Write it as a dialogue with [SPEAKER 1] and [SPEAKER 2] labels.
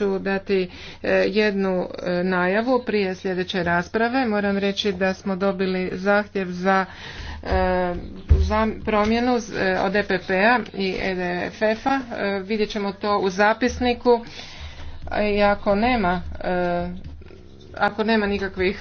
[SPEAKER 1] ću dati e, jednu e, najavu prije sljedeće rasprave. Moram reći da smo dobili zahtjev za, e, promjenu od EPP-a i EDFF-a. Vidjet ćemo to u zapisniku i ako nema, ako nema nikakvih